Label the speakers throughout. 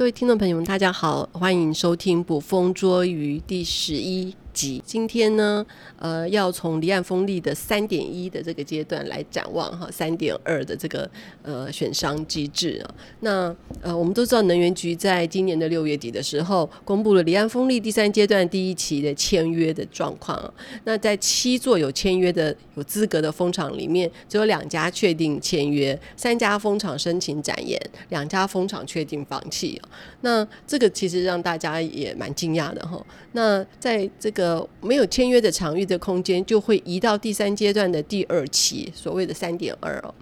Speaker 1: 各位聽眾朋友們，大家好，歡迎收聽《捕風捉魚》第十一集。級今天呢，呃，要從離岸風力的三點一的這個階段來展望哈，三點二的這個呃選商機制啊。那呃，我們都知道能源局在今年的六月底的時候，公布了離岸風力第三階段第一期的簽約的狀況啊。那在七座有簽約的有資格的風場裡面，只有兩家確定簽約，三家風場申請展延，兩家風場確定放棄啊。那這個其實讓大家也蠻驚訝的哈。那在這個呃，沒有簽約的場域的空間就會移到第三階段的第二期，所謂的三點二哦。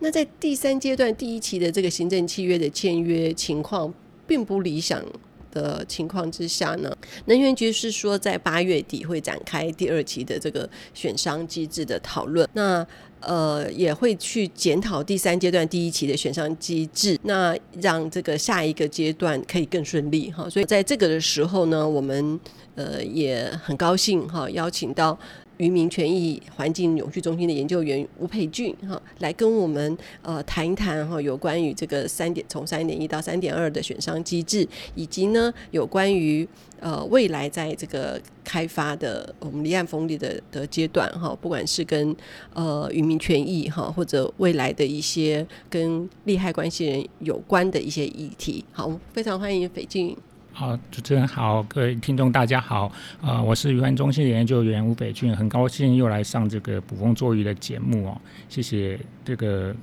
Speaker 1: 那在第三階段第一期的這個行政契約的簽約情況並不理想的情況之下呢，能源局是說在八月底會展開第二期的這個選商機制的討論。那呃，也會去檢討第三階段第一期的選商機制，那讓這個下一個階段可以更順利哈。所以在這個的時候呢，我們呃也很高興哈，邀請到。漁民權益環境永續中心的研究員吳斐竣哈，來跟我們呃談一談哈，有關於這個三點，從三點一到三點二的選商機制，以及呢有關於呃未來在這個開發的我們離岸風力的的階段哈，不管是跟呃漁民權益哈，或者未來的一些跟利害關係人有關的一些議題，好，非常歡迎斐竣。
Speaker 2: 好，主持人好，各位聽眾大家好，啊、呃，我是漁環中心的研究員吳斐竣，很高興又來上這個捕風捉魚的節目哦，謝謝這個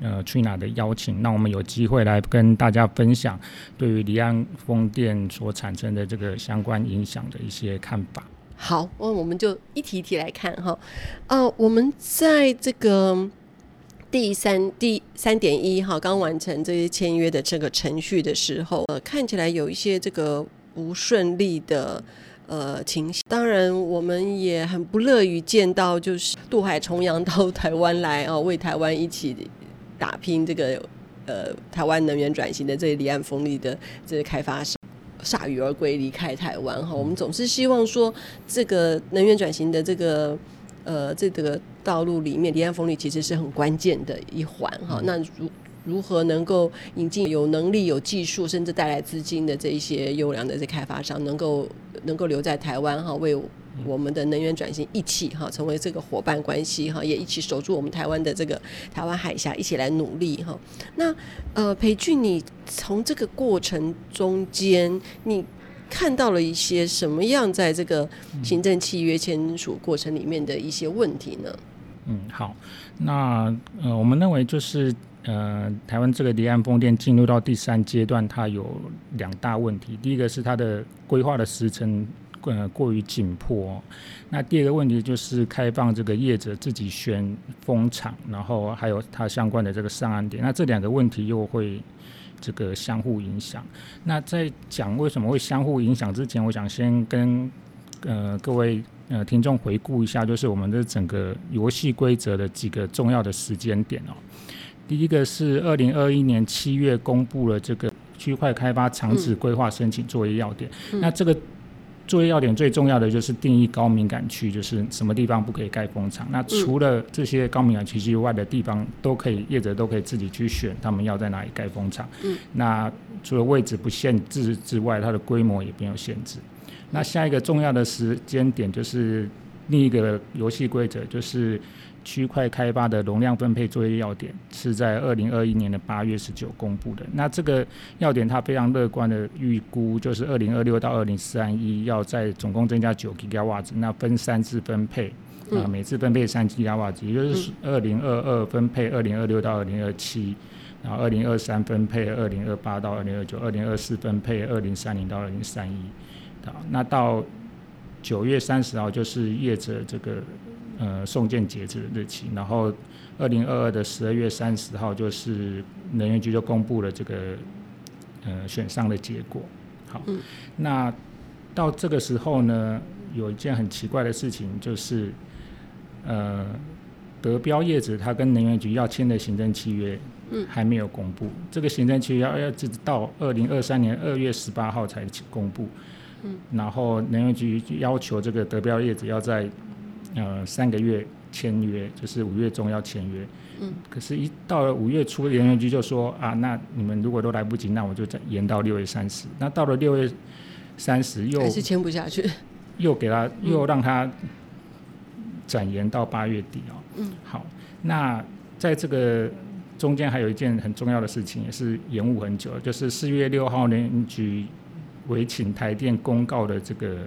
Speaker 2: 呃 Trina 的邀請，那我們有機會來跟大家分享對於離岸風電所產生的這個相關影響的一些看法。好，
Speaker 1: 那我們就一題一題來看哈、哦，啊、呃，我們在這個。第三第三點一哈，剛完成這些簽約的這個程序的時候，呃，看起來有一些這個不順利的呃情形。當然，我們也很不樂於見到，就是渡海重洋到台灣來哦、呃，為台灣一起打拼這個呃台灣能源轉型的這離岸風力的這些開發商鎩羽而歸，離開台灣哈、呃。我們總是希望說，這個能源轉型的這個。呃，這個道路裡面，離岸風力其實是很關鍵的一環哈。那如如何能夠引進有能力、有技術，甚至帶來資金的這一些優良的這開發商，能夠能夠留在台灣哈，為我們的能源轉型一起哈，成為這個伙伴關係哈，也一起守住我們台灣的這個台灣海峽，一起來努力哈。那呃，斐竣，你從這個過程中間你。看到了一些什麼樣在這個行政契約簽署過程裡面的一些問題呢？嗯，
Speaker 2: 好，那呃，我們認為就是呃，台灣這個離岸風電進入到第三階段，它有兩大問題。第一個是它的規劃的時程呃過於緊迫，那第二個問題就是開放這個業者自己選風場，然後還有它相關的這個上岸點。那這兩個問題又會，這個相互影響。那在講為什麼會相互影響之前，我想先跟呃各位呃聽眾回顧一下，就是我們的整個遊戲規則的幾個重要的時間點哦。第一個是二零二一年七月公布了這個區塊開發場址規劃申請作業要點，嗯、那這個。作業要點最重要的就是定義高敏感區，就是什麼地方不可以蓋風場。那除了這些高敏感區之外的地方，嗯、都可以業者都可以自己去選，他們要在哪裡蓋風場。那除了位置不限制之外，它的規模也沒有限制。那下一個重要的時間點就是另一個遊戲規則，就是。區塊開發的容量分配作業要點是在二零二一年的八月十九公布的。那這個要點它非常樂觀的預估，就是二零二六到二零三一要在總共增加九 GW，那分三次分配，啊每次分配三 GW，也就是二零二二分配二零二六到二零二七，然後二零二三分配二零二八到二零二九，二零二四分配二零三零到二零三一。好，那到九月三十號就是業者這個。呃，送件截止的日期，然後二零二二的十二月三十號就是能源局就公布了這個呃選上的結果。好、嗯，那到這個時候呢，有一件很奇怪的事情就是，呃，得標業者他跟能源局要簽的行政契約，還沒有公布。嗯、這個行政契約要要，呃、直到二零二三年二月十八號才公布。嗯，然後能源局要求這個得標業者要在呃，三個月簽約就是五月中要簽約，嗯，可是一，一到了五月初，能源局就說啊，那你們如果都來不及，那我就再延到六月三十。那到了六月三十又還是簽不下去，又給他又讓他展延到八月底哦。嗯，好，那在這個中間還有一件很重要的事情，也是延誤很久，就是四月六號能源局委請台電公告的這個。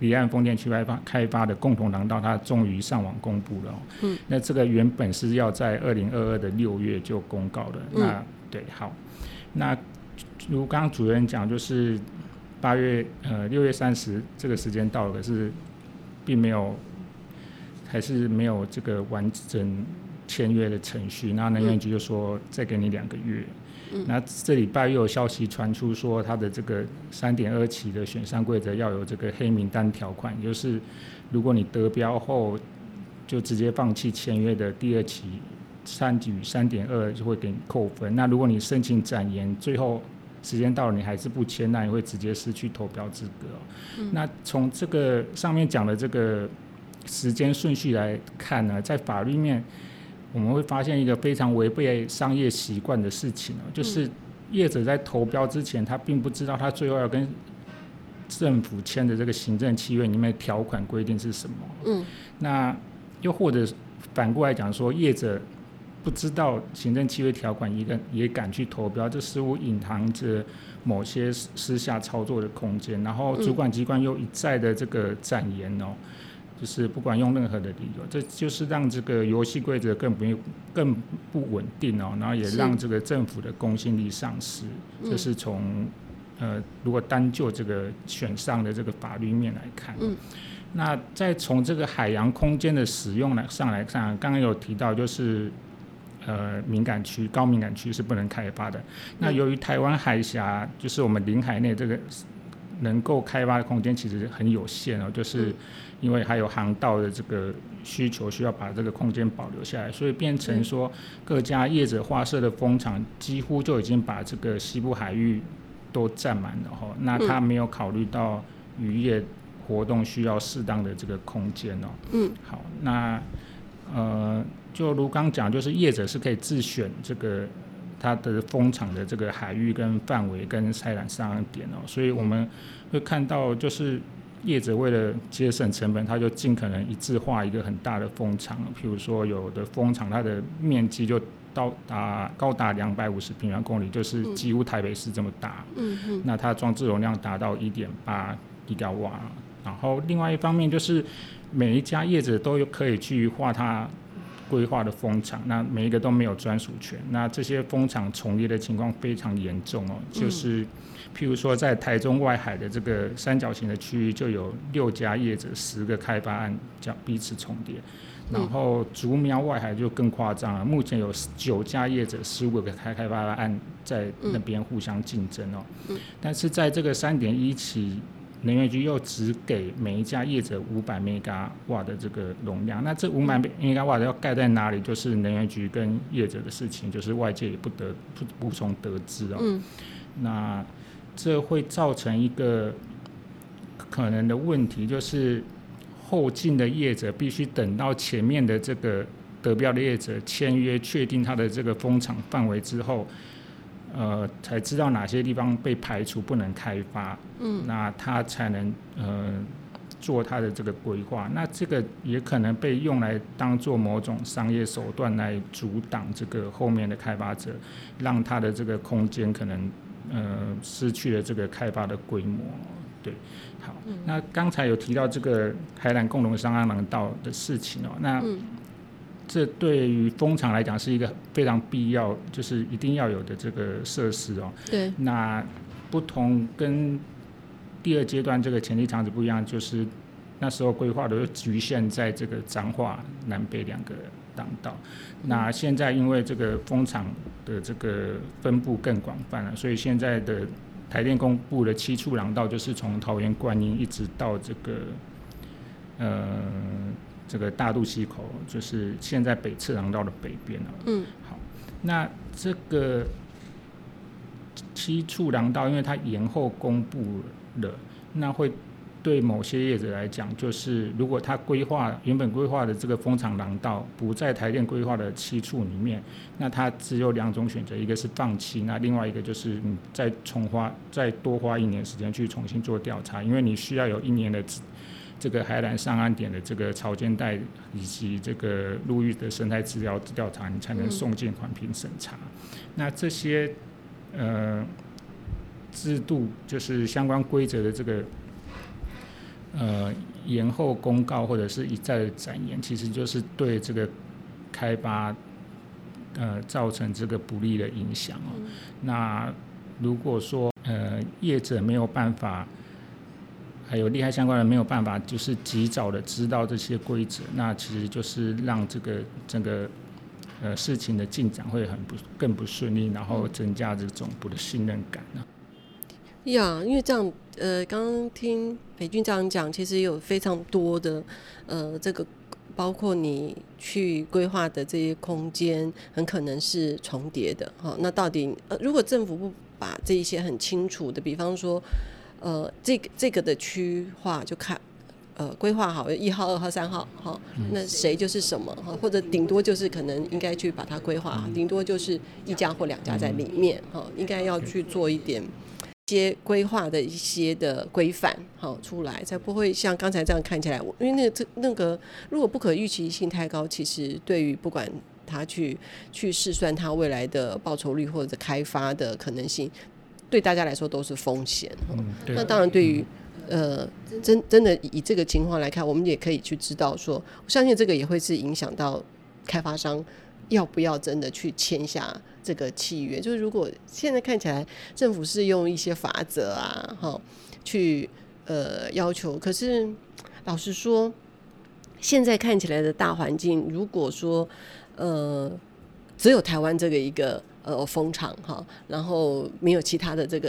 Speaker 2: 離岸風電區開發開發的共同廊道，它終於上網公布了。嗯，那這個原本是要在二零二二的六月就公告的。嗯。那對，好，那如剛剛主任講，就是八月呃六月三十這個時間到了，可是並沒有，還是沒有這個完整簽約的程序。那能源局就說再給你兩個月。嗯嗯、那這禮拜又有消息傳出，說他的這個三點二期的選商規則要有這個黑名單條款，就是如果你得標後就直接放棄簽約的第二期三舉三點二就會給你扣分。那如果你申請展延，最後時間到了你還是不簽，那你會直接失去投標資格。嗯、那從這個上面講的這個時間順序來看呢，在法律面。我們會發現一個非常違背商業習慣的事情，就是業者在投標之前，他並不知道他最後要跟政府簽的這個行政契約裡面條款規定是什麼？嗯，那又或者反過來講說，業者不知道行政契約條款，一個也敢去投標，這似乎隱藏着某些私下操作的空間。然後主管機關又一再的這個展延哦。就是不管用任何的理由，這就是讓這個遊戲規則更不用更不穩定哦，然後也讓這個政府的公信力喪失。是這是從呃，如果單就這個選商的這個法律面來看，嗯、那再從這個海洋空間的使用呢上來看，剛剛有提到就是呃敏感區、高敏感區是不能開發的。那由於台灣海峽就是我們領海內這個。能夠開發的空間其實很有限哦，就是因為還有航道的這個需求，需要把這個空間保留下來，所以變成說各家業者劃設的風場幾乎就已經把這個西部海域都占滿了哈、哦。那他沒有考慮到漁業活動需要適當的這個空間哦。嗯，好，那呃，就如剛講，就是業者是可以自選這個。它的風場的這個海域跟範圍跟採纜上的點哦，所以我們會看到，就是業者為了節省成本，它就盡可能一致畫一個很大的風場。譬如說，有的風場它的面積就到達高達兩百五十平方公里，就是幾乎台北市這麼大。嗯嗯，嗯。那它的裝置容量達到一點八一兆瓦。然後另外一方面，就是每一家業者都有可以去畫它。規劃的風場，那每一個都沒有專屬權，那這些風場重疊的情況非常嚴重哦、嗯，就是譬如說在台中外海的這個三角形的區域，就有六家業者、十個開發案這樣彼此重疊、嗯，
Speaker 1: 然後
Speaker 2: 竹苗外海就更誇張了，目前有九家業者、十五個開開發案在那邊互相競爭哦，嗯、但是在這個三點一期。能源局又只給每一家業者五百兆瓦的這個容量，那這五百兆瓦的要蓋在哪裡，就是能源局跟業者的事情，就是外界也不得不無從得知哦。嗯。那這會造成一個可能的問題，就是後進的業者必須等到前面的這個得標的業者簽約，確定他的這個風場範圍之後。呃，才知道哪些地方被排除不能開發，嗯，那他才能呃做他的這個規劃。那這個也可能被用來當做某種商業手段來阻擋這個後面的開發者，讓他的這個空間可能呃失去了這個開發的規模。對，好，嗯、那剛才有提到這個海纜共同商廊道的事情哦，那。嗯這對於風場來講是一個非常必要，就是一定要有的這個設施哦。對。那不同跟第二階段這個潛力場址不一樣，就是那時候規劃的局限在這個彰化南北兩個廊道。嗯。那現在因為這個風場的這個分布更廣泛了，所以現在的台電公布的七處廊道，就是從桃園觀音一直到這個，呃。這個大肚溪口就是現在北次廊道的北邊嗯。好，那這個七處廊道，因為它延後公布了，那會對某些業者來講，就是如果他規劃原本規劃的這個風場廊道不在台電規劃的七處裡面，那他只有兩種選擇，一個是放棄，那另外一個就是你再重花再多花一年時間去重新做調查，因為你需要有一年的。這個海纜上岸點的這個潮間帶以及這個陸域的生態資料調查，你才能送進環評審查。嗯、那這些呃制度就是相關規則的這個呃延後公告或者是一再的展延，其實就是對這個開發呃造成這個不利的影響、嗯、那如果說呃業者沒有辦法。還有利害相關人沒有辦法，就是及早的知道這些規則，那其實就是讓這個整個呃事情的進展會很不更不順利，然後增加這種不的信任感呢？
Speaker 1: 呀、嗯，因為這樣，呃，剛剛聽斐竣這樣講，其實有非常多的，呃，這個包括你去規劃的這些空間，很可能是重疊的哈、哦。那到底，呃，如果政府不把這一些很清楚的，比方說。呃，這個這個的區劃就看，呃，規劃好一號、二號、三號哈、哦，那誰就是什麼哈，或者頂多就是可能應該去把它規劃好，頂多就是一家或兩家在裡面哈、哦，應該要去做一點一些規劃的一些的規範好、哦、出來，才不會像剛才這樣看起來，因為那個這那個如果不可預期性太高，其實對於不管他去去試算他未來的報酬率或者開發的可能性，對大家來說都是風險，嗯，那當然對於，嗯、呃真的真的以這個情況來看，我們也可以去知道說，我相信這個也會是影響到開發商要不要真的去簽下這個契約。就是如果現在看起來政府是用一些法則啊，哈，去呃要求，可是老實說，現在看起來的大環境，如果說呃只有台灣這個一個。呃，風場哈，然後沒有其他的這個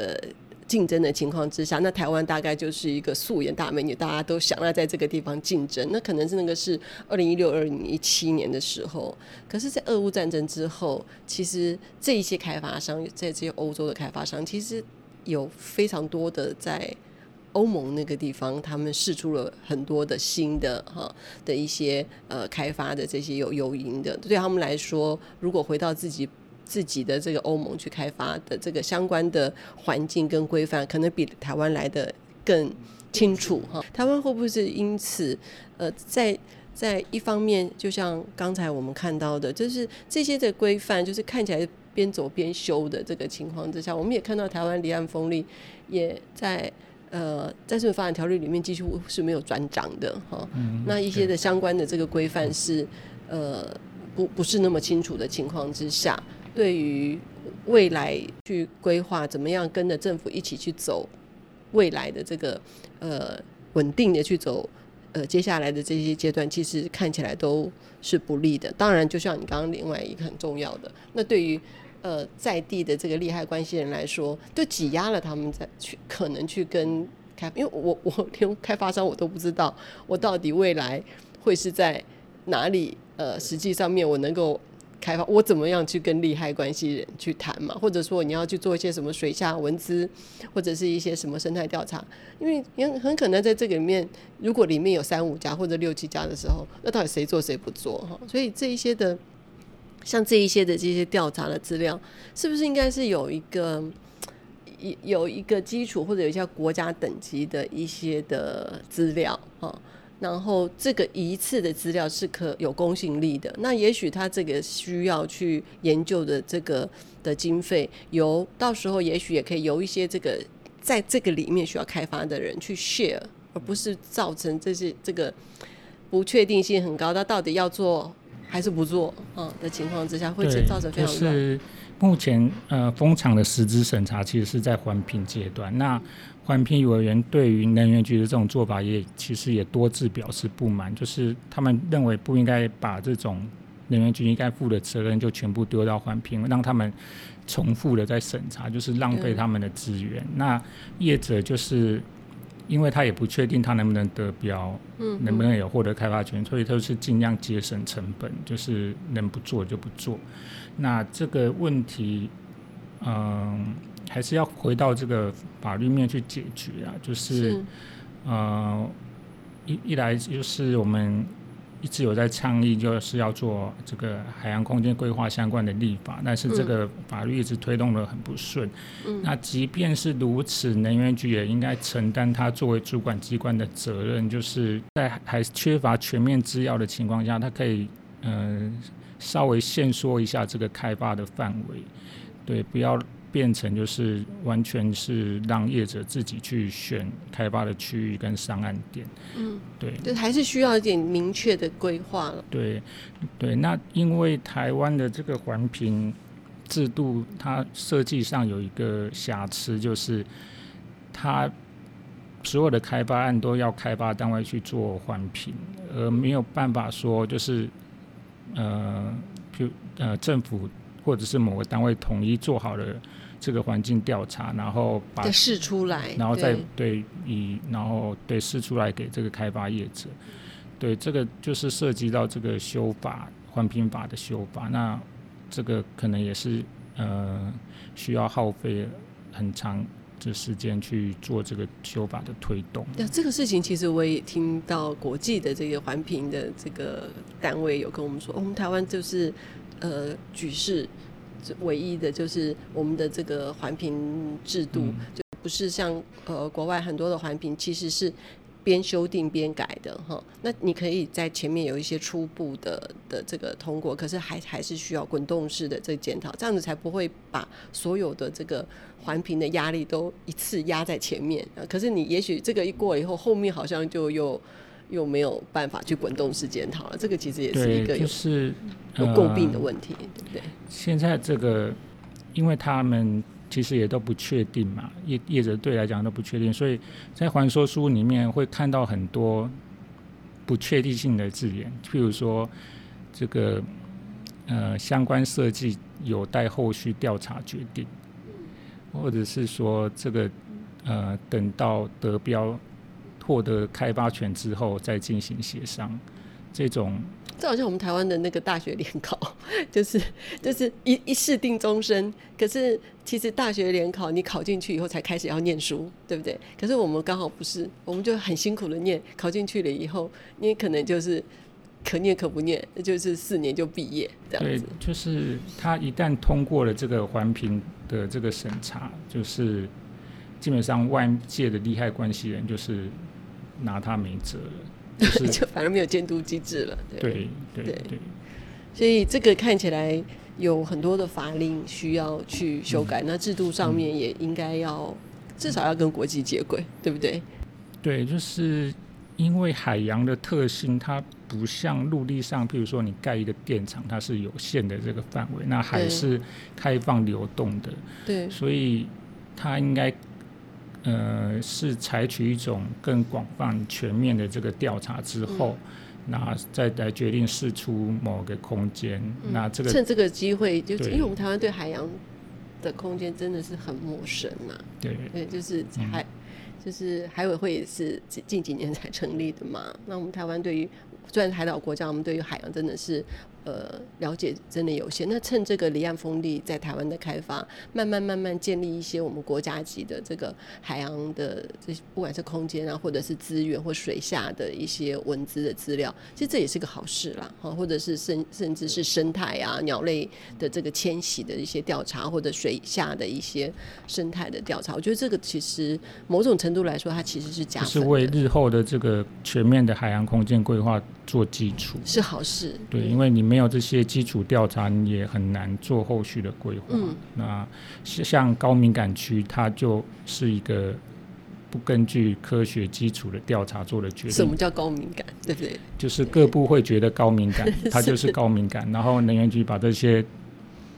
Speaker 1: 競爭的情況之下，那台灣大概就是一個素顏大美女，大家都想要在這個地方競爭，那可能是那個是二零一六、二零一七年的時候。可是，在俄烏戰爭之後，其實這一些開發商，在這些歐洲的開發商，其實有非常多的在歐盟那個地方，他們釋出了很多的新的哈的一些呃開發的這些有誘因的，對他們來說，如果回到自己。自己的這個歐盟去開發的這個相關的環境跟規範，可能比台灣來得更清楚哈。台灣會不會是因此呃，在在一方面，就像剛才我們看到的，就是這些的規範，就是看起來邊走邊修的這個情況之下，我們也看到台灣離岸風力也在呃，在這種發展條例裡面，幾乎是沒有專章的哈。那一些的相關的這個規範是呃，不不是那麼清楚的情況之下。對於未來去規劃，怎麼樣跟着政府一起去走未來的這個呃穩定的去走呃接下來的這些階段，其實看起來都是不利的。當然，就像你剛剛另外一個很重要的，那對於呃在地的這個利害關係人來說，就擠壓了他們在去可能去跟開，因為我我連開發商我都不知道，我到底未來會是在哪裡呃實際上面我能夠。開發我怎麼樣去跟利害關係人去談嘛？或者說你要去做一些什麼水下文資，或者是一些什麼生態調查？因為很很可能在這個裡面，如果裡面有三五家或者六七家的時候，那到底誰做誰不做哈？所以這一些的，像這一些的這些調查的資料，是不是應該是有一個一有一個基礎，或者有一些國家等級的一些的資料啊？然後這個一次的資料是可有公信力的。那也許他這個需要去研究的這個的經費，由到時候也許也可以由一些這個在這個裡面需要開發的人去 share，而不是造成這些這個不確定性很高，他到底要做還是不做啊的情況之下，會成造成非常
Speaker 2: 目前，呃，風場的實質審查其實是在環評階段。那環評委員對於能源局的這種做法也，也其實也多次表示不滿，就是他們認為不應該把這種能源局應該負的責任就全部丟到環評，讓他們重複的在審查，就是浪費他們的資源。嗯。那業者就是因為他也不確定他能不能得標，嗯，能不能有獲得開發權，所以都是盡量節省成本，就是能不做就不做。那這個問題，嗯、呃，還是要回到這個法律面去解決啊，就是，嗯、呃，一一來就是我們一直有在倡議，就是要做這個海洋空間規劃相關的立法，但是這個法律一直推動的很不順，嗯。那即便是如此，能源局也應該承擔它作為主管機關的責任，就是在還缺乏全面資料的情況下，它可以。嗯，稍微先說一下這個開發的範圍，對，不要變成就是完全是讓業者自己去選開發的區域跟上岸點，對嗯，對，就還是
Speaker 1: 需要一點明確的規劃了。
Speaker 2: 對，對，那因為台灣的這個環評制度，它設計上有一個瑕疵，就是它所有的開發案都要開發單位去做環評，而沒有辦法說就是。呃，就呃政府或者是某個單位統一做好了這個環境調查，然後把試
Speaker 1: 出來，然後再
Speaker 2: 對，對以然後對試出來給這個開發業者，對，這個就是涉及到這個修法環評法的修法，那這個可能也是呃需要耗費很長。這時間去做這個修法的推動。
Speaker 1: 那這個事情，其實我也聽到國際的這個環評的這個單位有跟我們說，我、哦、們台灣就是呃，舉世唯一的，就是我們的這個環評制度、嗯，就不是像呃國外很多的環評，其實是。邊修訂邊改的哈，那你可以在前面有一些初步的的這個通過，可是還還是需要滾動式的這檢討，這樣子才不會把所有的這個環評的壓力都一次壓在前面。可是你也許這個一過以後，後面好像就又又沒有辦法去滾動式檢討了，這個其實也是一個有就是有詬病的問題，對、呃、不對？
Speaker 2: 現在這個，因為他們。其實也都不確定嘛，業業者對來講都不確定，所以在環說書裡面會看到很多不確定性的字眼，譬如說這個呃相關設計有待後續調查決定，或者是說這個呃等到得標獲得開發權之後再進行協商，這種。
Speaker 1: 就好像我們台灣的那個大學聯考，就是就是一一試定終身。可是其實大學聯考，你考進去以後才開始要念書，對不對？可是我們剛好不是，我們就很辛苦的念，考進去了以後，你也可能就是可念可不念，就是四年就畢業
Speaker 2: 這樣子。對，就是他一旦通過了這個環評的這個審查，就是基本上外界的利害關係人就是拿他沒轍了。就是、 就
Speaker 1: 反而沒有監督機制了。對，對對對，所以這個看起來有很多的法令需要去修改。嗯、那制度上面也應該要、嗯、至少要跟國際接軌、嗯，對不對？
Speaker 2: 對，就是因為海洋的特性，它不像陸地上，譬如說你蓋一個電廠，它是有限的這個範圍，那海是開放流動的，對，所以它應該。呃，是採取一種更廣泛、全面的這個調查之後，那、嗯、再來決定釋出某個空間。嗯、那這個趁這
Speaker 1: 個機會，就因為我們台灣對海洋的空間真的是很陌生嘛、啊。對，對，就是海，嗯、就是海委會也是近近幾年才成立的嘛。那我們台灣對於雖然海島國家，我們對於海洋真的是。呃、嗯，了解真的有限。那趁這個離岸風力在台灣的開發，慢慢慢慢建立一些我們國家級的這個海洋的這不管是空間啊，或者是資源或水下的一些文資的資料，其實這也是個好事啦。哈，或者是甚甚至是生態啊、鳥類的這個遷徙的一些調查，或者水下的一些生態的調查。我覺得這個其實某種程度來說，它其實是加就是
Speaker 2: 為日後的這個全面的海洋空間規劃做基礎。是好事。對，嗯、因為你沒。沒有這些基礎調查，你也很難做後續的規劃。嗯，那像高敏感區，它就是一個不根據科學基礎的調查做的決定。什麼
Speaker 1: 叫高敏感？對不
Speaker 2: 對？就是各部會覺得高敏感，它就是高敏感。 然後能源局把這些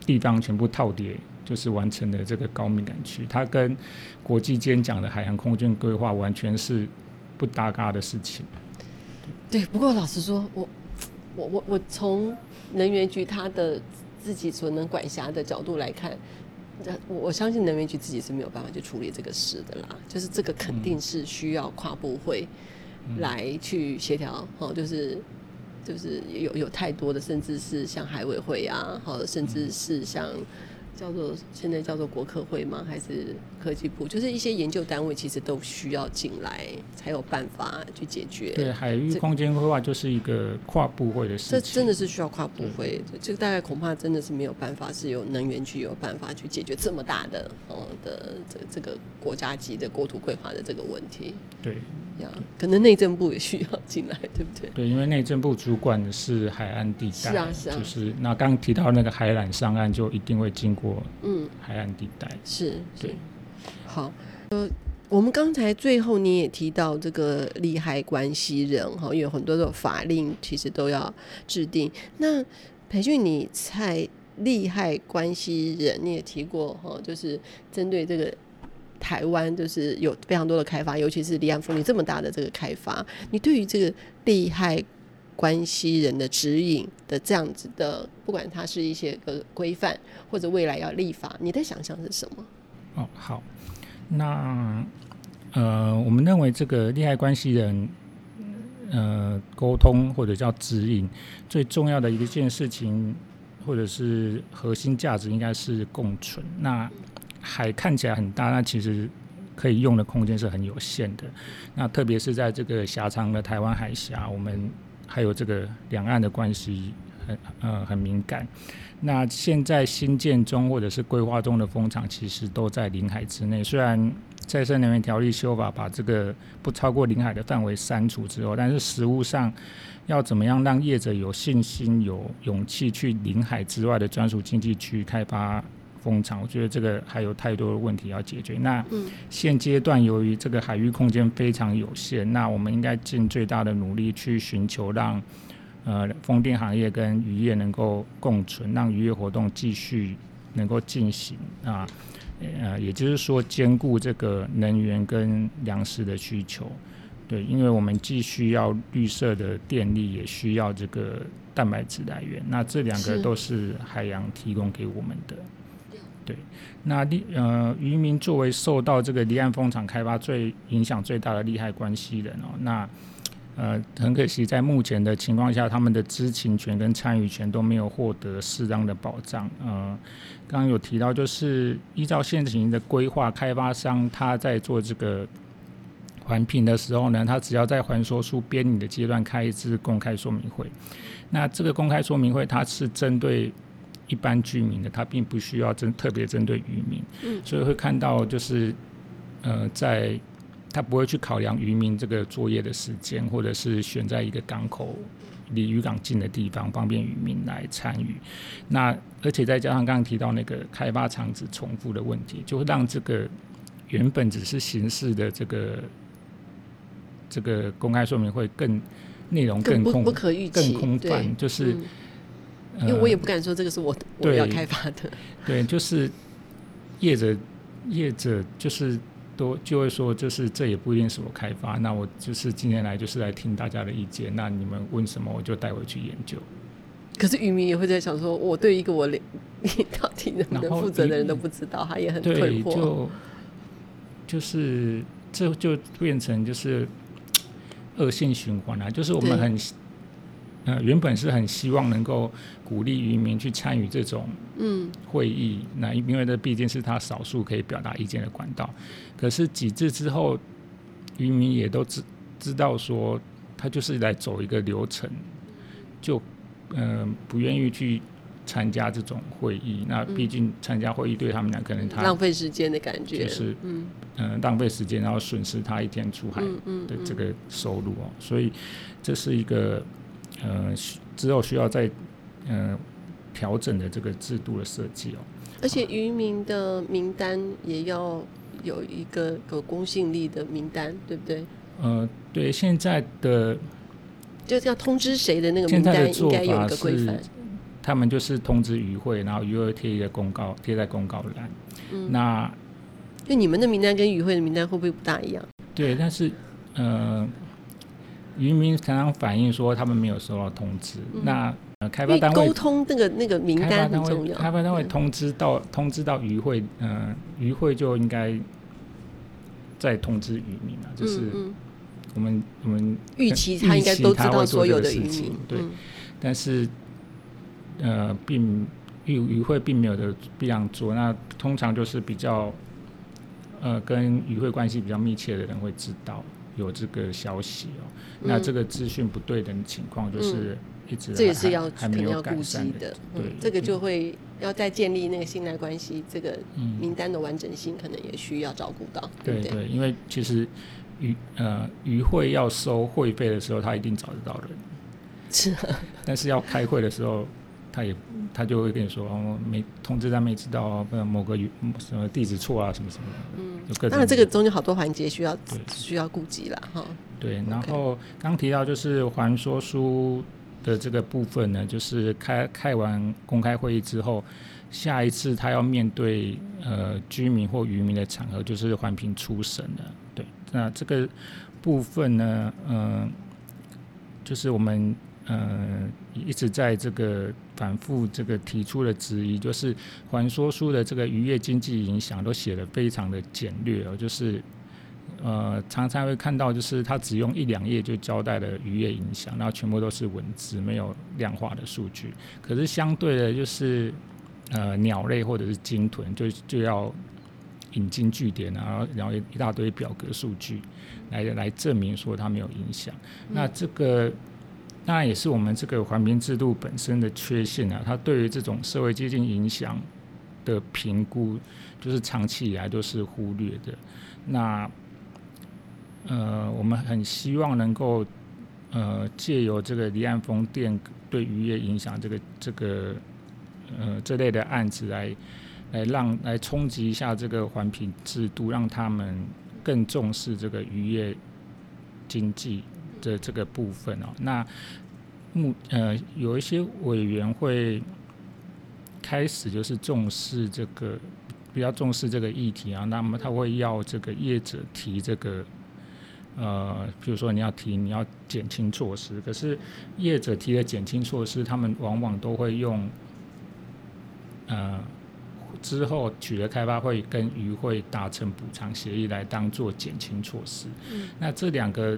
Speaker 2: 地方全部套疊，就是完成了這個高敏感區。它跟國際間講的海洋空間規劃完全是不搭嘎的事情。
Speaker 1: 對，對，不過老實說，我。我我我從能源局他的自己所能管轄的角度來看，我相信能源局自己是沒有辦法去處理這個事的啦，就是這個肯定是需要跨部會來去協調，哦，就是就是有有太多的甚至是像海委會啊，好，甚至是像叫做現在叫做國科會嗎？還是？科技部就是一些研究單位，其實都需要進來才有辦法去解決。對，海域空
Speaker 2: 間規劃就是一個跨部會的事情，這真的
Speaker 1: 是需要跨部會。這個大概恐怕真的是沒有辦法，是由能源局有辦法去解決這麼大的哦、嗯、的這這個國家級的國土規劃的這個問題。對呀，可能內政部也需要進來，對不
Speaker 2: 對？對，因為內政部主管的是海岸地帶，是啊，是啊，就是那剛提到那個海纜上岸就一定會經過，嗯，海岸地帶
Speaker 1: 是，對。好，呃，我們剛才最後你也提到這個利害關係人哈，因為很多的法令其實都要制定。那斐竣你在利害關係人你也提過哈，就是針對這個台灣就是有非常多的開發，尤其是離岸風力這麼大的這個開發，你對於這個利害關係人的指引的這樣子的，不管它是一些個規範或者未來要立法，你的想象是什麼？
Speaker 2: 哦，好，那呃，我們認為這個利害關係人呃溝通或者叫指引最重要的一件事情，或者是核心價值，應該是共存。那海看起來很大，那其實可以用的空間是很有限的。那特別是在這個狹長的台灣海峽，我們還有這個兩岸的關係。呃，很敏感。那現在新建中或者是規劃中的風場，其實都在領海之內。雖然再生能源條例修法把這個不超過領海的範圍刪除之後，但是實務上要怎麼樣讓業者有信心、有勇氣去領海之外的專屬經濟區開發風場？我覺得這個還有太多的問題要解決。那現階段由於這個海域空間非常有限，那我們應該盡最大的努力去尋求讓。呃，風電行業跟漁業能夠共存，讓漁業活動繼續能夠進行啊，呃，也就是說兼顧這個能源跟糧食的需求，對，因為我們既需要綠色的電力，也需要這個蛋白質來源，那這兩個都是海洋提供給我們的。對，那利呃漁民作為受到這個離岸風場開發最影響最大的利害關係人哦，那。呃，很可惜，在目前的情況下，他們的知情權跟參與權都沒有獲得適當的保障。呃，剛剛有提到，就是依照現行的規劃，開發商他在做這個環評的時候呢，他只要在環說書編擬的階段開一次公開說明會。那這個公開說明會，它是針對一般居民的，它並不需要針特別針對漁民。嗯，所以會看到就是，呃，在。他不會去考量漁民這個作業的時間，或者是選在一個港口離漁港近的地方，方便漁民來參與。那而且再加上剛剛提到那個開發場址重複的問題，就讓這個原本只是形式的這個這個公開說明會更內容更不不可預期、更空泛，就是、嗯呃、因為我也不敢說這個是我我不要開發的。對，對就是業者業者就是。說就會說就是這也不一定是我開發，那我就是今天來就是來聽大家的意見，那你們問什麼我就帶回去研究。
Speaker 1: 可是漁民也會在想說，我對一個我連你到底能不能負責的人都不知道，欸、他也很困惑。
Speaker 2: 就是這就變成就是惡性循環了、啊，就是我們很。呃，原本是很希望能夠鼓勵漁民去參與這種嗯會議嗯，那因為這畢竟是他少數可以表達意見的管道。可是幾次之後，漁民也都知知道說他就是來走一個流程，就嗯、呃、不願意去參加這種會議。嗯、那畢竟參加會議對他們倆可能他、就是、浪費
Speaker 1: 時間的感覺，就是嗯嗯、
Speaker 2: 呃、浪費時間，然後損失他一天出海的這個收入哦。嗯嗯嗯、所以這是一個。呃，之後需要再呃調整的這個制度的設計哦，
Speaker 1: 而且漁民的名單也要有一個有公信力的名單，對不對？
Speaker 2: 呃，對，現在的
Speaker 1: 就是要通知誰的那個名單應該有一個規範，
Speaker 2: 他們就是通知漁會，然後漁會貼一個公告，貼在公告欄，嗯，那
Speaker 1: 就你們的名單跟漁會的名單會不會不大一樣？
Speaker 2: 對，但是呃。嗯漁民常常反映說，他們沒有收到通知。嗯、那、呃、開發單位溝通
Speaker 1: 那個那個名單、那個、很重要。
Speaker 2: 開發單位通知到、嗯、通知到漁會、呃會，嗯，漁會就應該再通知漁民了。就是我們我們預期他應該都知道所有的漁民，對。嗯、但是呃，並漁會並沒有的這樣做。那通常就是比較呃，跟漁會關係比較密切的人會知道。有這個消息哦，嗯、那這個資訊不對等的情況就是一直這也、嗯、是要肯定要顧及的對，嗯，對，這個就
Speaker 1: 會要再建立那個信賴關係，這個名單的完整性可能也需要照顧到。嗯、
Speaker 2: 對，對，對，對對，因為其實漁呃漁會要收會費的時候，他一定找得到人，是，但是要開會的時候。 他也他就會跟你說，哦、沒通知他，沒知道，啊，然某個某什麼地址錯啊，什麼什麼的。當、嗯、然這個中
Speaker 1: 間好多環節需要需要顧及了
Speaker 2: 哈。對，然後剛、okay. 提到就是環說書的這個部分呢，就是開開完公開會議之後，下一次他要面對呃居民或漁民的場合，就是環評出審了。對，那這個部分呢，嗯、呃，就是我們嗯、呃、一直在這個。反覆這個提出的質疑，就是環說書的這個漁業經濟影響都寫的非常的簡略哦，就是呃常常會看到，就是他只用一兩頁就交代了漁業影響，然後全部都是文字，沒有量化的數據。可是相對的，就是呃鳥類或者是鯨豚，就就要引經據典啊，然後然後一大堆表格數據來來證明說它沒有影響、嗯。那這個。那也是我們這個環評制度本身的缺陷啊，它對於這種社會經濟影響的評估，就是長期以來都是忽略的。那，呃，我們很希望能夠，呃，借由這個離岸風電對漁業影響這個這個，呃，這類的案子來，來讓來衝擊一下這個環評制度，讓他們更重視這個漁業經濟。的這個部分哦，那目呃有一些委員會開始，就是重視這個比較重視這個議題啊，那麼他會要這個業者提這個呃，比如說你要提你要減輕措施，可是業者提的減輕措施，他們往往都會用呃之後取得開發會跟漁會達成補償協議來當做減輕措施，嗯、那這兩個。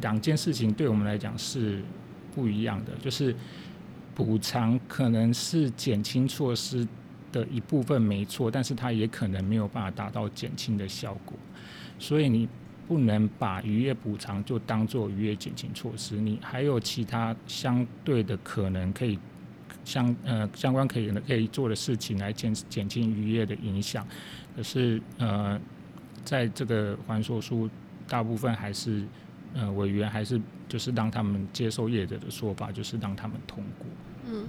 Speaker 2: 兩件事情對我們來講是不一樣的，就是補償可能是減輕措施的一部分沒錯，但是它也可能沒有辦法達到減輕的效果，所以你不能把漁業補償就當做漁業減輕措施，你還有其他相對的可能可以相呃相關可以可以做的事情來減減輕漁業的影響，可是呃在這個環說書大部分還是。呃，委員還是就是讓他們接受業者的說法，就是讓他們通過。
Speaker 1: 嗯，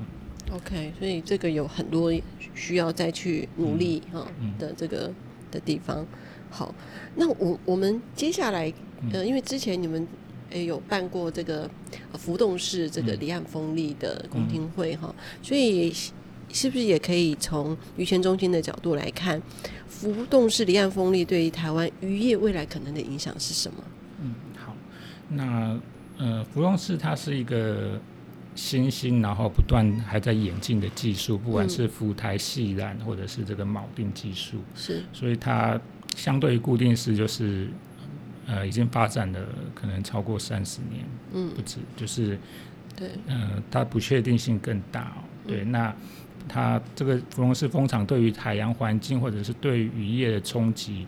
Speaker 1: 嗯，OK，所以這個有很多需要再去努力哈、嗯、的這個的地方。好，那我我們接下來呃、嗯，因為之前你們也有辦過這個浮動式這個離岸風力的公聽會哈、嗯嗯，所以是不是也可以從漁權中心的角度來看，浮動式離岸風力對於台灣漁業未來可能的影響是什麼？
Speaker 2: 那呃，浮動式它是一個新興，然後不斷還在演進的技術，不管是浮台繫纜或者是這個錨定技術、嗯，是，所以它相對於固定式就是呃已經發展了可能超過三十年，嗯，不止，就是對，呃，它不確定性更大、哦，對，那它這個浮動式風場對於海洋環境或者是對漁業的衝擊，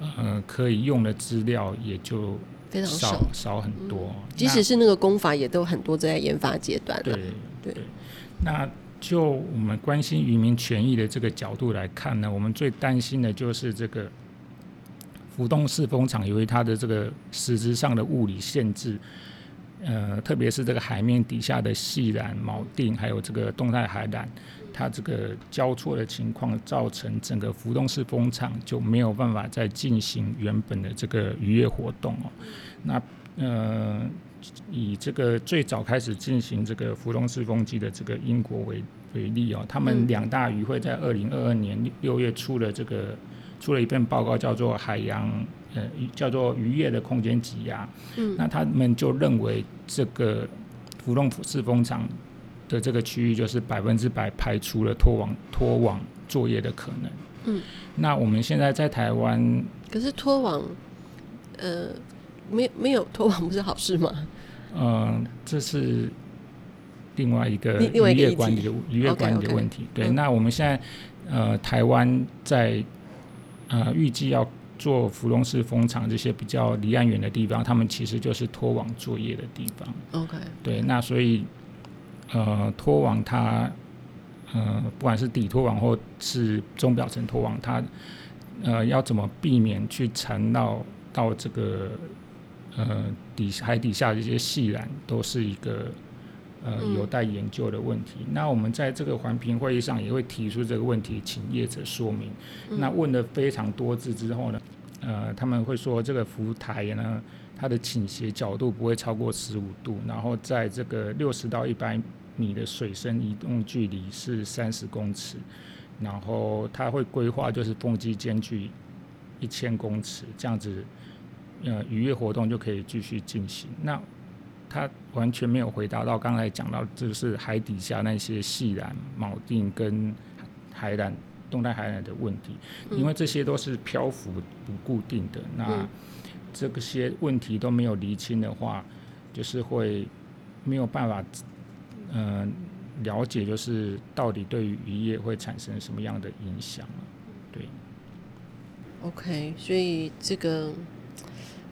Speaker 2: 呃，可以用的資料也就。非常少，少很多。嗯、即使是
Speaker 1: 那個工法，也都很多在研發階段，對
Speaker 2: 對，對，對。那就我們關心漁民權益的這個角度來看呢，我們最擔心的就是這個浮動式風場，由於它的這個實質上的物理限制，呃，特別是這個海面底下的繫纜錨定，還有這個動態海纜。它這個交錯的情況，造成整個浮動式風場就沒有辦法再進行原本的這個漁業活動哦。那呃，以這個最早開始進行這個浮動式風機的這個英國為為例哦，他們兩大漁會在二零二二年六月初的這個、嗯、出了一篇報告，叫做《海洋呃叫做漁業的空間擠壓》。嗯，那他們就認為這個浮動式風場。的這個區域就是百分之百排除了拖網拖網作業的可能。嗯，那我們現在在台灣，
Speaker 1: 可是拖網，呃，沒沒有拖網不是好事嗎？嗯、
Speaker 2: 呃，這是另外一個漁業管理的漁業管理的問題。Okay, okay, 對、嗯，那我們現在呃，台灣在呃，預計要做浮動式風場這些比較離岸遠的地方，他們其實就是拖網作業的地方。OK，, okay. 對，那所以。呃，拖網它，呃，不管是底拖網或是中表層拖網，它呃要怎麼避免去纏繞到，到這個呃底海底下這些細纜，都是一個呃有待研究的問題。嗯。那我們在這個環評會議上也會提出這個問題，請業者說明。嗯。那問了非常多次之後呢，呃，他們會說這個浮台呢。它的傾斜角度不會超過十五度，然後在這個六十到一百米的水深移動距離是三十公尺，然後它會規劃就是風機間距一千公尺，這樣子，呃，漁業活動就可以繼續進行。那他完全沒有回答到剛才講到就是海底下那些繫纜、錨定跟海纜、動態海纜的問題。嗯，因為這些都是漂浮不固定的那。嗯這些問題都沒有釐清的話，就是會沒有辦法，嗯、呃，了解就是到底對於漁業會產生什麼樣的影響。對
Speaker 1: ，OK，所以這個、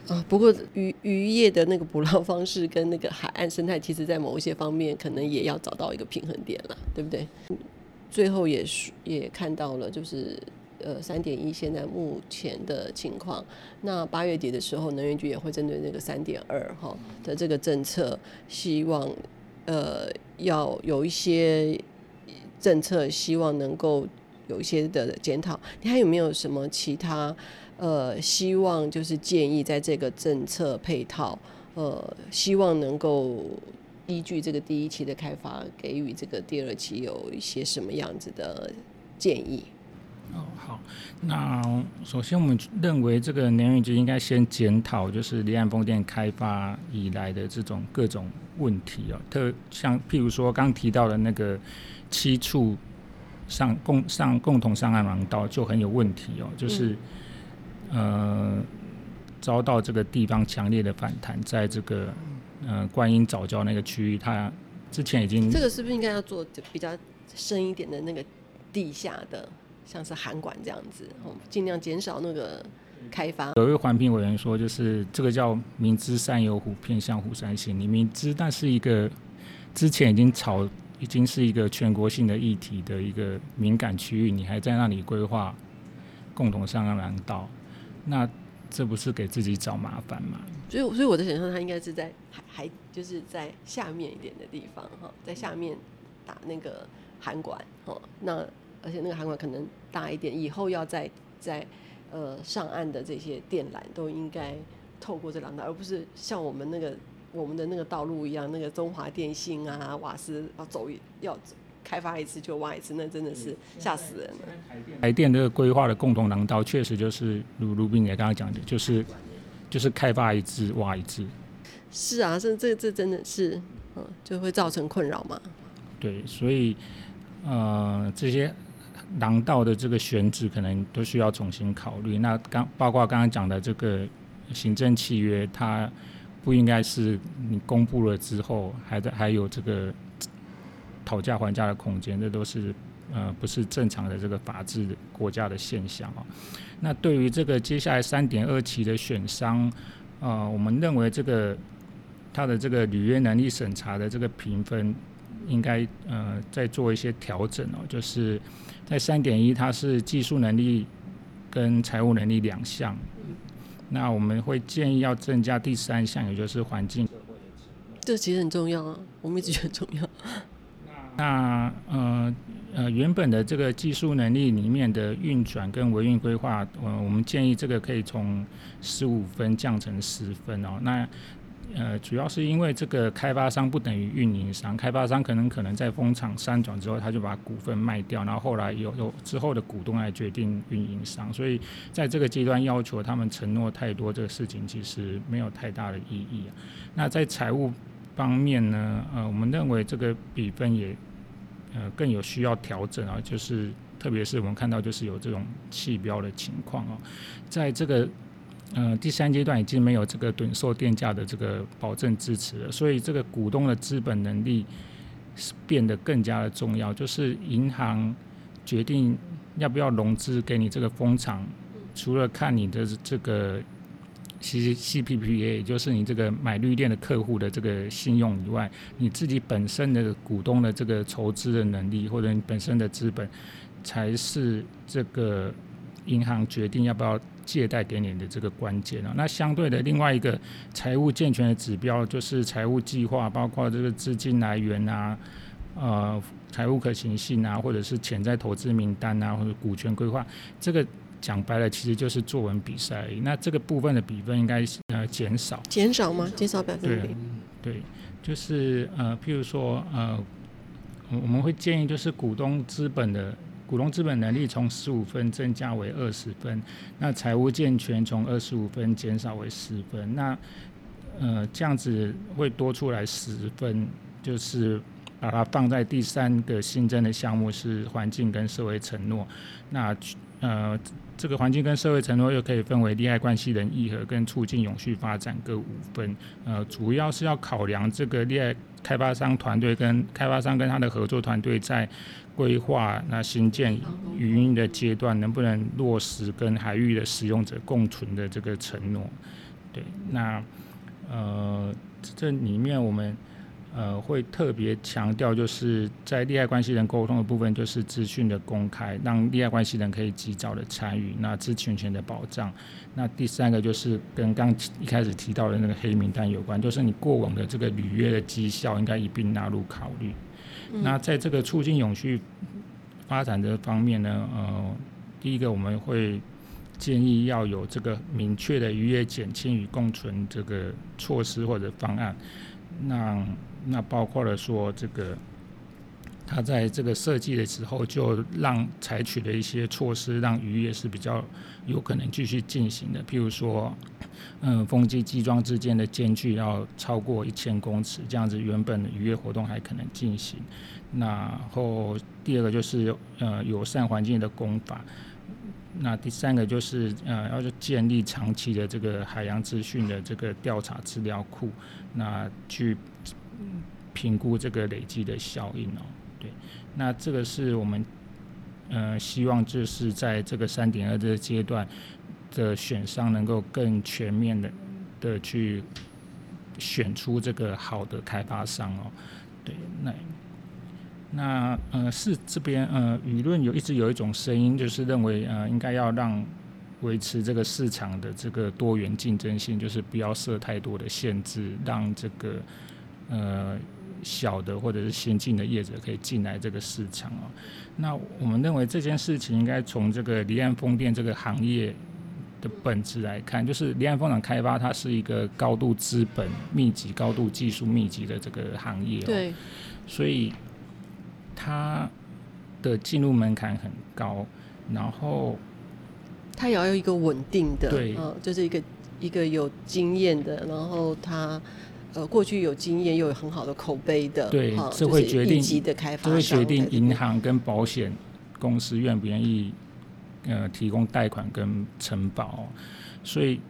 Speaker 1: 啊、不過漁漁業的那個捕撈方式跟那個海岸生態，其實在某一些方面可能也要找到一個平衡點了，對不對？最後也也看到了，就是。呃，三點一現在目前的情況，那八月底的時候，能源局也會針對那個三點二哈的這個政策，希望呃要有一些政策，希望能夠有一些的檢討。你還有沒有什麼其他呃希望就是建議在這個政策配套呃，希望能夠依據這個第一期的開發，給予這個第二期有一些什麼樣子的建議？
Speaker 2: 哦，好。那首先我們認為，這個能源局應該先檢討，就是離岸風電開發以來的這種各種問題哦，特像譬如說，剛提到的那個七處上共上共同上岸廊道就很有問題哦，就是、嗯、呃遭到這個地方強烈的反彈，在這個呃觀音藻礁那個區域，它之前已經這個
Speaker 1: 是不是應該要做比較深一點的那個地下的？像是涵管這樣子，儘量減少那個開發。有一位
Speaker 2: 環評委員說，就是這個叫明知山有虎，偏向虎山行。你明知，但是一個之前已經炒，已經是一個全國性的議題的一個敏感區域，你還在那裡規劃共同上岸廊道，那這不是給自己找麻煩嗎？
Speaker 1: 所以，所以我的想象，它應該是在海，就是在下面一點的地方，在下面打那個涵管哦，那。而且那個涵管可能大一點，以後要再再呃上岸的這些電纜都應該透過這廊道，而不是像我們那個我們的那個道路一樣，那個中華電信啊、瓦斯要走要開發一次就挖一次，那真的是嚇死人了。台
Speaker 2: 電，台電這個規劃的共同廊道，確實就是如如冰姐剛剛講的，就是就是開發一次挖一次。
Speaker 1: 是啊，這這這真的是嗯，就會造成困擾嘛。
Speaker 2: 對，所以嗯、呃、這些。廊道的這個選址可能都需要重新考慮。那剛包括剛剛講的這個行政契約，它不應該是你公布了之後，還在還有這個討價還價的空間，這都是呃不是正常的這個法治的國家的現象啊。那對於這個接下來三點二期的選商，呃，我們認為這個它的這個履約能力審查的這個評分。應該呃再做一些調整哦，就是在三點一，它是技術能力跟財務能力兩項，嗯，那我們會建議要增加第三項，也就是環境。
Speaker 1: 這其實很重要啊，我們一直覺得很
Speaker 2: 重要。那呃呃原本的這個技術能力裡面的運轉跟維運規劃，嗯、呃，我們建議這個可以從十五分降成十分哦。那呃，主要是因為這個開發商不等於運營商，開發商可能可能在風場商轉之後，他就把股份賣掉，然後後來有有之後的股東來決定運營商，所以在這個階段要求他們承諾太多，這個事情其實沒有太大的意義啊。那在財務方面呢，呃，我們認為這個比分也呃更有需要調整啊，就是特別是我們看到就是有這種棄標的情況啊，在這個。嗯、呃，第三階段已經沒有這個躉售電價的這個保證支持了，所以這個股東的資本能力是變得更加的重要。就是銀行決定要不要融資給你這個風場，除了看你的這個 C C P P A，也就是你這個買綠電的客戶的這個信用以外，你自己本身的股東的這個籌資的能力，或者你本身的資本，才是這個。銀行決定要不要借貸給你的這個關鍵了啊。那相對的另外一個財務健全的指標，就是財務計劃，包括這個資金來源啊，呃，財務可行性啊，或者是潛在投資名單啊，或者股權規劃。這個講白了，其實就是作文比賽而已。那這個部分的比分應該呃減少。減
Speaker 1: 少嗎？減少百分比？對，
Speaker 2: 對，就是呃，譬如說呃，我們會建議就是股東資本的。股東資本能力從十五分增加為二十分，那財務健全從二十五分減少為十分，那呃這樣子會多出來十分，就是把它放在第三個新增的項目是環境跟社會承諾，那呃這個環境跟社會承諾又可以分為利害關係人議合跟促進永續發展各五分，呃主要是要考量這個利害開發商團隊跟開發商跟他的合作團隊在。規劃那新建、營運的階段，能不能落實跟海域的使用者共存的這個承諾？對，那呃這裡面我們呃會特別強調，就是在利害關係人溝通的部分，就是資訊的公開，讓利害關係人可以及早的參與，那知情權的保障。那第三個就是跟剛一開始提到的那個黑名單有關，就是你過往的這個履約的績效，應該一併納入考慮。那在這個促進永續發展的方面呢，呃，第一個我們會建議要有這個明確的漁業減輕與共存這個措施或者方案，那那包括了說這個。它在這個設計的時候，就讓採取了一些措施，讓漁業是比較有可能繼續進行的。譬如說，嗯，風機機樁之間的間距要超過一千公尺，這樣子原本的漁業活動還可能進行。那後第二個就是呃友善環境的工法，那第三個就是呃要建立長期的這個海洋資訊的這個調查資料庫，那去評估這個累積的效應哦。那這個是我們，呃，希望就是在這個三點二這個階段的選商，能夠更全面的的去選出這個好的開發商哦。對，那那呃是這邊呃輿論有一直有一種聲音，就是認為呃應該要讓維持這個市場的這個多元競爭性，就是不要設太多的限制，讓這個呃。小的或者是先進的業者可以進來這個市場哦。那我們認為這件事情應該從這個離岸風電這個行業的本質來看，就是離岸風場開發它是一個高度資本密集、高度技術密集的這個行業哦，對，所以它的進入門檻很高，然後，
Speaker 1: 嗯，它也要有一個穩定的，對，哦，就是一個一個有經驗的，然後它。呃，過去有經驗又有很好的口碑的，對，嗯，這會決定，就是一級的開發商在這邊，這會決定銀
Speaker 2: 行跟保險公司願不願意呃提供貸款跟承保，所以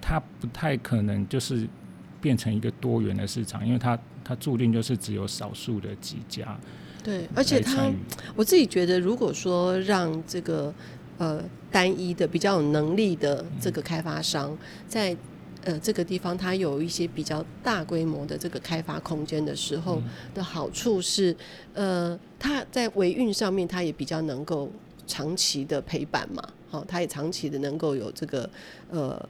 Speaker 2: 它不太可能就是變成一個多元的市場，因為它它註定就是只有少數的幾家。對，而且他
Speaker 1: 我自己覺得，如果說讓這個呃單一的比較有能力的這個開發商在。嗯呃，這個地方它有一些比較大規模的這個開發空間的時候的好處是，呃，它在維運上面它也比較能夠長期的陪伴嘛，他、哦、它也長期的能夠有這個呃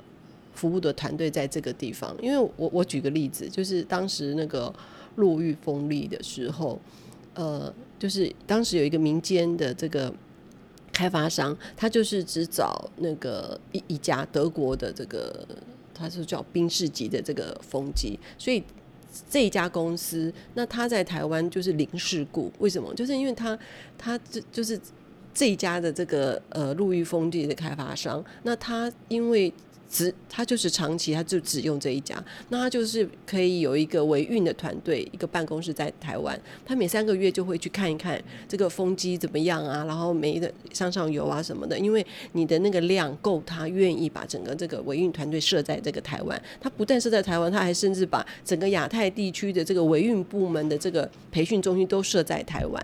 Speaker 1: 服務的團隊在這個地方。因為我我舉個例子，就是當時那個陸域風力的時候，呃，就是當時有一個民間的這個開發商，他就是只找那個一一家德國的這個。它是叫賓士級的這個風機，所以這一家公司，那它在台灣就是零事故，為什麼？就是因為它，它就就是這一家的這個呃陸域風機的開發商，那它因為。只他就是長期，他就只用這一家，那他就是可以有一個維運的團隊，一個辦公室在台灣。他每三個月就會去看一看這個風機怎麼樣啊，然後每一個上上油啊什麼的。因為你的那個量夠，他願意把整個這個維運團隊設在這個台灣。他不但設在台灣，他還甚至把整個亞太地區的這個維運部門的這個培訓中心都設在台灣。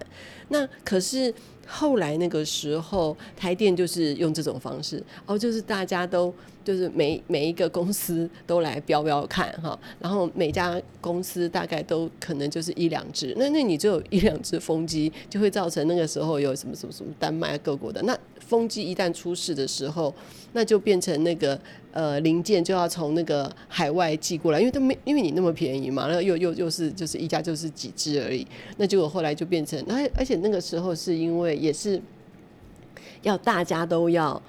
Speaker 1: 那可是後來那個時候，台電就是用這種方式哦，就是大家都。就是每每一個公司都來標標看哈，然後每家公司大概都可能就是一兩只，那那你就有一兩只風機，就會造成那個時候有什麼什麼什麼丹麥各國的。那風機一旦出事的時候，那就變成那個呃零件就要從那個海外寄過來，因為都沒因為你那麼便宜嘛，然後又又又是就是一家就是幾只而已，那結果後來就變成，而且那個時候是因為也是。要大家都要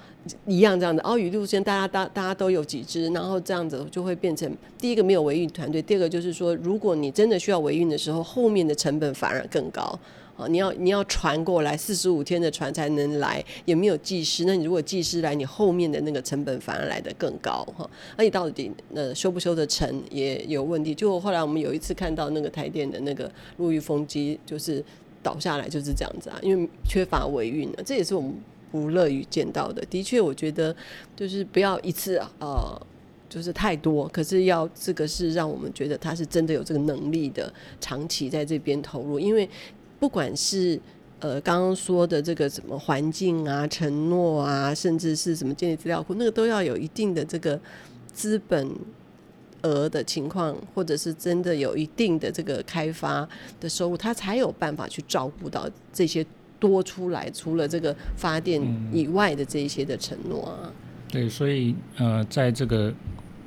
Speaker 1: 一樣這樣的，哦。雨六千，大家大家大家都有幾支，然後這樣子就會變成第一個沒有維運團隊，第二個就是說，如果你真的需要維運的時候，後面的成本反而更高，哦，你要你要船過來四十五天的船才能來，也沒有技師，那你如果技師來，你後面的那個成本反而來得更高哈！那，哦，你到底呃修不修得成也有問題。就後來我們有一次看到那個台電的那個陸域風機就是倒下來就是這樣子啊，因為缺乏維運啊，這也是我們。不樂於見到的，的確，我覺得就是不要一次、啊、呃，就是太多。可是要這個是讓我們覺得他是真的有這個能力的，長期在這邊投入。因為不管是呃剛剛說的這個什麼環境啊、承諾啊，甚至是什麼建立資料庫，那個都要有一定的這個資本額的情況，或者是真的有一定的這個開發的收入，他才有辦法去照顧到這些。多出來，除了這個發電以外的這一些的承諾啊、嗯。
Speaker 2: 對，所以呃，在這個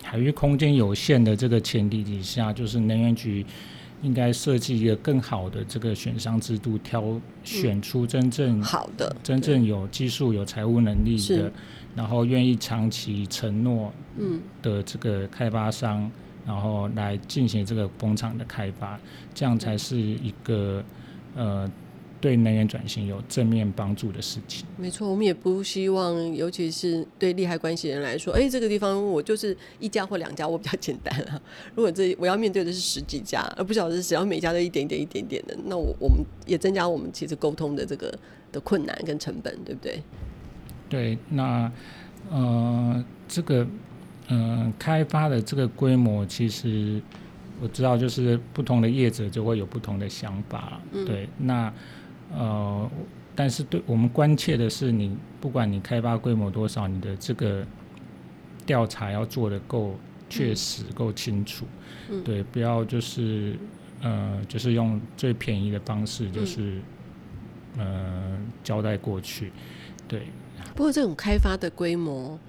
Speaker 2: 海域空間有限的這個前提底下，就是能源局應該設計一個更好的這個選商制度，挑選出真正、嗯、好的、真正有技術、有財務能力的，然後願意長期承諾的這個開發商，嗯、然後來進行這個風場的開發，這樣才是一個呃。對能源轉型有正面幫助的事情，
Speaker 1: 沒錯。我們也不希望，尤其是對利害關係人來說，哎、欸，這個地方我就是一家或兩家，我比較簡單啊。如果這我要面對的是十幾家，而不曉得是只要每家都一點點、一點點的，那我我們也增加我們其實溝通的這個的困難跟成本，對不對？
Speaker 2: 對，那呃，這個嗯、呃，開發的這個規模，其實我知道，就是不同的業者就會有不同的想法。嗯、對，那。呃，但是對我們關切的是你，你不管你開發規模多少，你的這個調查要做得夠確實、嗯、夠清楚、嗯，對，不要就是呃，就是用最便宜的方式，就是、嗯、呃，交代過去。對，
Speaker 1: 不過這種開發的規模，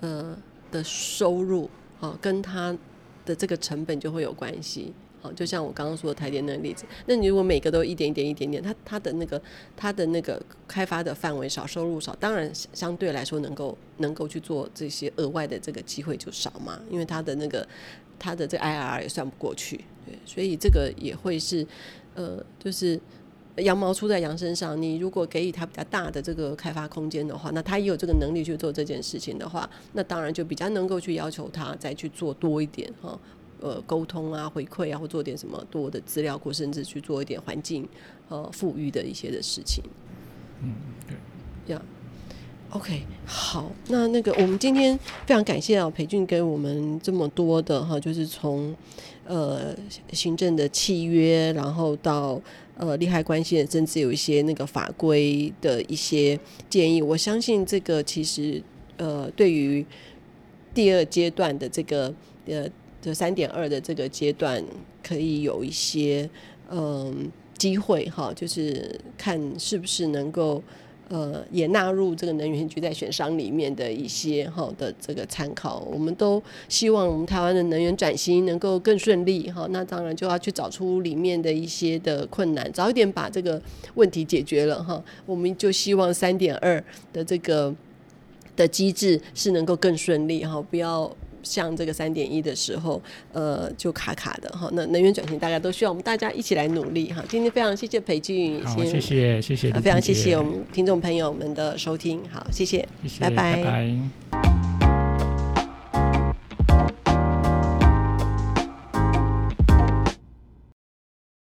Speaker 1: 呃，的收入哦、呃，跟它的這個成本就會有關係。哦，就像我剛剛說的台電那個例子，那你如果每個都一點一點一點點，他他的那個他的那個開發的範圍少，收入少，當然相對來說能夠能夠去做這些額外的這個機會就少嘛，因為他的那個他的這 IRR 也算不過去，對，所以這個也會是呃，就是羊毛出在羊身上。你如果給予他比較大的這個開發空間的話，那他也有這個能力去做這件事情的話，那當然就比較能夠去要求他再去做多一點哈。哦呃，溝通啊，回饋啊，或做點什麼多的資料，或甚至去做一點環境呃富裕的一些的事情。嗯，
Speaker 2: 對，
Speaker 1: 呀，OK，好，那那個我們今天非常感謝啊，斐竣給我們這麼多的哈，就是從呃行政的契約，然後到呃利害關係，甚至有一些那個法規的一些建議。我相信這個其實呃，對於第二階段的這個呃。這三點二的這個階段可以有一些嗯機會哈，就是看是不是能夠呃也納入這個能源局在選商裡面的一些好的這個參考。我們都希望我們台灣的能源轉型能夠更順利哈，那當然就要去找出裡面的一些的困難，早一點把這個問題解決了哈。我們就希望三點二的這個的機制是能夠更順利哈，不要。像這個三點一的時候，呃，就卡卡的哈。那能源轉型，大家都需要我們大家一起來努力哈。今天非常謝謝斐竣，先好，謝謝謝謝、呃，非常謝謝我們聽眾朋友們的收聽，好，謝謝，謝謝拜拜。
Speaker 2: 拜拜。